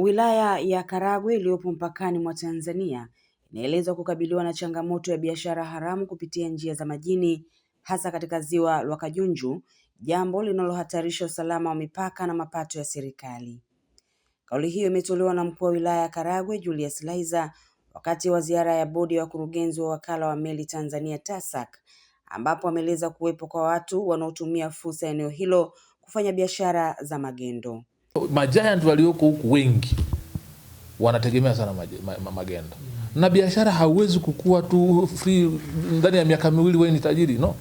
Wilaya ya Karagwe iliyopo mpakani mwa Tanzania inaelezwa kukabiliwa na changamoto ya biashara haramu kupitia njia za majini hasa katika ziwa Lwakajunju, jambo linalohatarisha usalama wa mipaka na mapato ya serikali. Kauli hiyo imetolewa na mkuu wa wilaya ya Karagwe Julius laiza wakati wa ziara ya bodi ya wakurugenzi wa wakala wa meli Tanzania TASAC ambapo ameeleza kuwepo kwa watu wanaotumia fursa ya eneo hilo kufanya biashara za magendo majayant walioko huku wengi wanategemea sana magendo na biashara hauwezi kukua tu free ndani ya miaka miwili wewe ni tajiri no,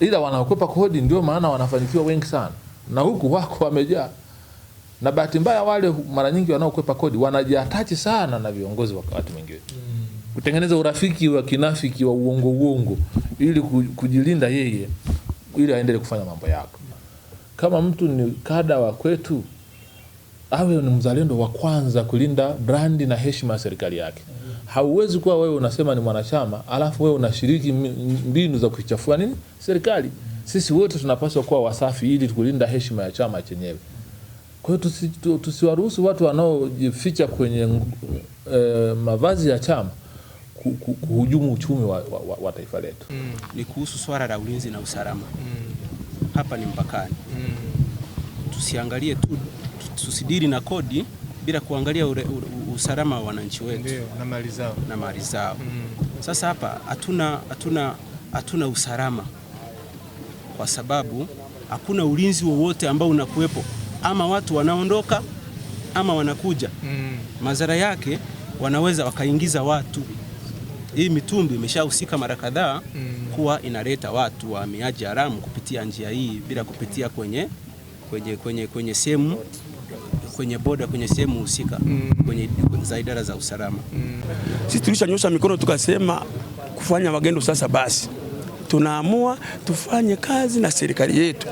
ila wanaokwepa kodi ndio maana wanafanikiwa wengi sana, na huku wako wamejaa. Na bahati mbaya wale mara nyingi wanaokwepa kodi wanajiatachi sana na viongozi wakati mwingine mm. kutengeneza urafiki wa kinafiki wa uongo uongo, ili kujilinda yeye, ili aendelee kufanya mambo yake kama mtu ni kada wa kwetu awe ni mzalendo wa kwanza kulinda brandi na heshima ya serikali yake. Hauwezi kuwa wewe unasema ni mwanachama alafu wewe unashiriki mbinu za kuichafua nini serikali. Sisi wote tunapaswa kuwa wasafi ili kulinda heshima ya chama chenyewe. Kwa hiyo tusiwaruhusu watu wanaojificha kwenye e, mavazi ya chama kuhujumu uchumi wa, wa, wa, wa taifa letu. Mm, ni kuhusu swala la ulinzi na usalama mm hapa ni mpakani mm. Tusiangalie tu, tusidiri na kodi bila kuangalia ure, u, usalama wa wananchi wetu Ndiyo, na mali zao, na mali zao. Mm. Sasa hapa hatuna hatuna hatuna usalama kwa sababu hakuna ulinzi wowote ambao unakuwepo, ama watu wanaondoka ama wanakuja mm. Madhara yake wanaweza wakaingiza watu hii mitumbi imeshahusika mara kadhaa mm. kuwa inaleta watu wa miaji haramu kupitia njia hii bila kupitia kwenye kwenye kwenye kwenye sehemu kwenye boda kwenye sehemu husika mm. kwenye za idara za usalama mm. Sisi tulishanyosha mikono tukasema kufanya magendo sasa, basi tunaamua tufanye kazi na serikali yetu,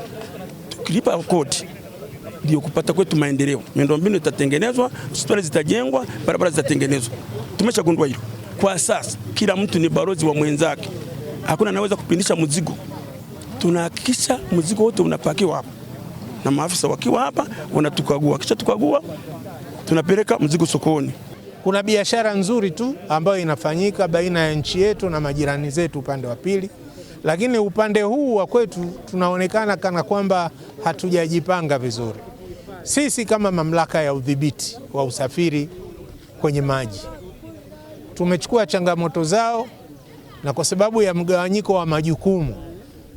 tukilipa kodi ndio kupata kwetu maendeleo. Miundombinu itatengenezwa, hospitali zitajengwa, barabara zitatengenezwa. Tumeshagundua hilo. Kwa sasa kila mtu ni balozi wa mwenzake, hakuna anaweza kupindisha mzigo. Tunahakikisha mzigo wote unapakiwa hapa na maafisa wakiwa hapa wanatukagua, kisha tukagua, tunapeleka mzigo sokoni. Kuna biashara nzuri tu ambayo inafanyika baina ya nchi yetu na majirani zetu upande wa pili, lakini upande huu wa kwetu tunaonekana kana kwamba hatujajipanga vizuri. Sisi kama mamlaka ya udhibiti wa usafiri kwenye maji tumechukua changamoto zao, na kwa sababu ya mgawanyiko wa majukumu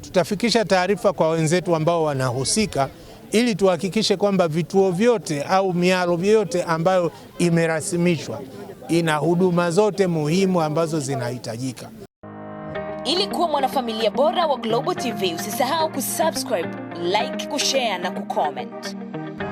tutafikisha taarifa kwa wenzetu ambao wanahusika ili tuhakikishe kwamba vituo vyote au mialo vyote ambayo imerasimishwa ina huduma zote muhimu ambazo zinahitajika. Ili kuwa mwanafamilia bora wa Global TV, usisahau kusubscribe, like, kushare na kucomment.